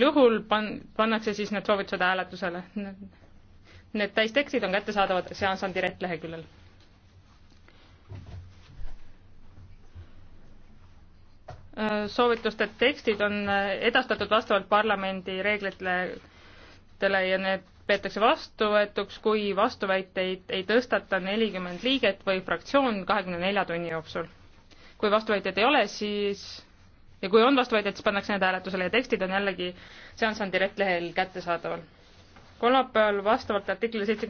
juhul pan-, pannakse siis need soovitused hääletusele. Need täistekstid on kättesaadavad Seansan Direct leheküljel. soovituste tekstid on edastatud vastavalt parlamendi reeglitele ja need peetakse vastuvõetuks, kui vastuväiteid ei tõstata nelikümmend liiget või fraktsioon kahekümne nelja tunni jooksul. kui vastuväiteid ei ole, siis ja kui on vastuvõtjad, siis pannakse need hääletusele ja tekstid on jällegi seanss on direktlehel kättesaadaval. kolmapäeval vastavalt artiklile seitse